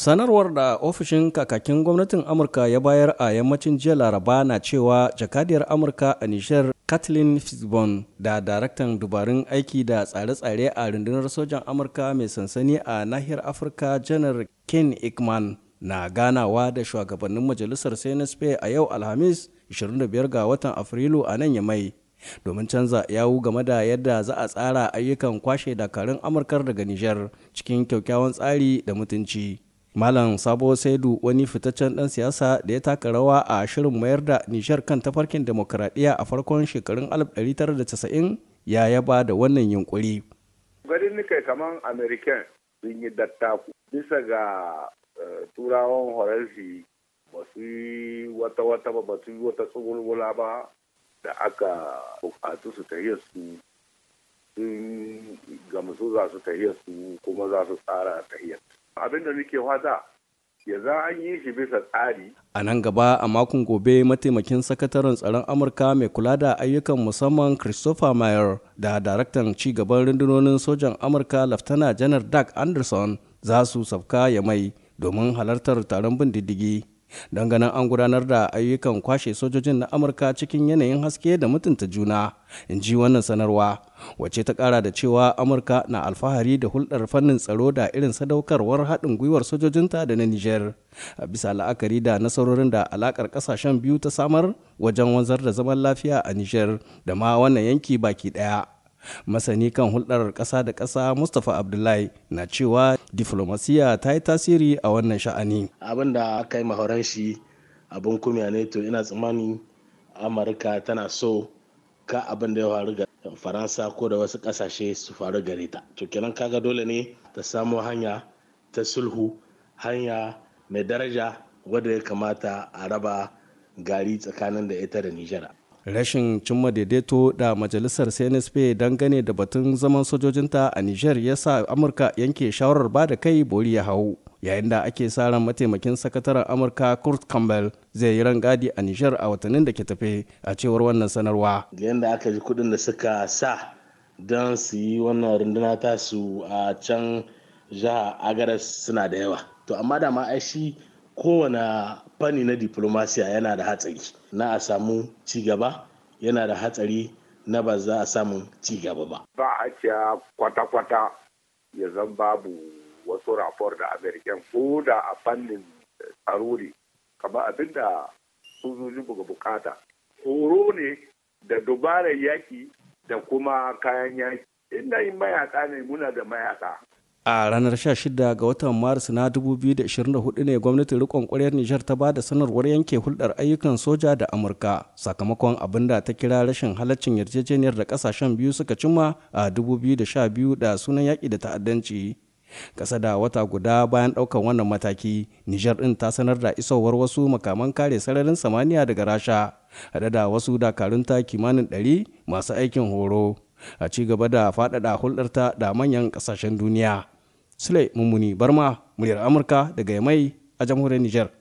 sanarwar da ofishin kakakin gwamnatin amurka ya bayar a yammacin jiya laraba na cewa jakadiyar amurka a nishar kathleen fitzbon da daraktan dubarun aiki da tsare-tsare a rundunar sojan amurka mai sansani a nahiyar afirka janar ken ikman na ganawa da shugabannin majalisar senate a yau alhamis 25 ga watan afrilu a nan yamai domin canza yawu game da yadda za a tsara ayyukan kwashe dakarun amurkar daga nijar cikin kyakkyawan tsari da mutunci Malam Sabo Saidu wani fitaccen ɗan siyasa da ya taka rawa a shirin mayar da Nijar kan tafarkin demokuraɗiyya a farkon shekarun 1990 ya yaba da wannan yunkuri. Garin nika kamar American sun yi dattaku bisa ga eh, turawan horarshi ba su yi wata wata ba ba su yi wata tsugulgula ba da aka bukatu su tahiyar su sun gamsu za su tahiyar su kuma za su tsara tahiyar su. abin da muke fata ya za an yi shi bisa tsari. A nan gaba a makon gobe mataimakin sakataren tsaron Amurka mai kula da ayyukan musamman Christopher Mayer da daraktan ci gaban rundunonin sojan Amurka Laftana Janar Doug Anderson za su sauka ya mai domin halartar taron bin diddigi Danganan an gudanar da ayyukan kwashe sojojin na amurka cikin yanayin haske da mutunta juna in ji wannan sanarwa wacce ta kara da cewa amurka na alfahari da hulɗar fannin tsaro da irin sadaukarwar haɗin gwiwar sojojinta da na niger a bisa la'akari da nasarorin da alaƙar ƙasashen biyu ta samar wajen wanzar da zaman lafiya a niger da ma wannan yanki baki ɗaya masani kan hulɗar ƙasa da ƙasa mustapha abdullahi na cewa diflomasiya ta yi tasiri a wannan sha'ani abin da aka yi mahoran shi abin kumya ne to ina tsammani amurka tana so ka abin da ya faru ga faransa ko da wasu ƙasashe su faru gare ta to kenan kaga dole ne ta samo hanya ta sulhu hanya mai daraja wadda ya kamata a raba gari tsakanin da ita da nijera. rashin cimma daidaito da majalisar cnsp dangane da batun zaman sojojinta a niger ya sa amurka yanke shawarar ba da kai bori ya hau yayin da ake sa ran mataimakin sakataren amurka kurt campbell zai yi rangadi a niger a watannin da ke tafe a cewar wannan sanarwa yadda aka ji kudin da suka sa don su yi wannan runduna tasu a can jiha agaras suna da yawa to amma da ma shi kowane fanni na diplomasiya yana da hatsari na a samu cigaba yana da hatsari na ba za a samu cigaba ba. Ba a cewa kwata-kwata ya zan babu wasu rafor da Amerikan ko da a fannin tsaruri kama kamar abin da sojojin buga bukata. Horo ne da dubarar yaki da kuma kayan yaki. Inda yin mayaka ne muna da mayaka a ranar 16 ga watan maris na 2024 ne gwamnatin rikon kwaryar nijar ta ba da sanarwar yanke hulɗar ayyukan soja da amurka sakamakon abin da ta kira rashin halaccin yarjejeniyar da kasashen biyu suka cimma a 2012 da sunan yaƙi da ta'addanci kasa da wata guda bayan ɗaukar wannan mataki nijar ɗin ta sanar da isowar wasu makaman kare sararin samaniya daga rasha haɗe da wasu dakarun ta kimanin 100 masu aikin horo a ci gaba da faɗaɗa hulɗarta da manyan ƙasashen duniya. Sule Mummuni Barma, muryar Amurka daga Yamai a jamhuriyar Nijar.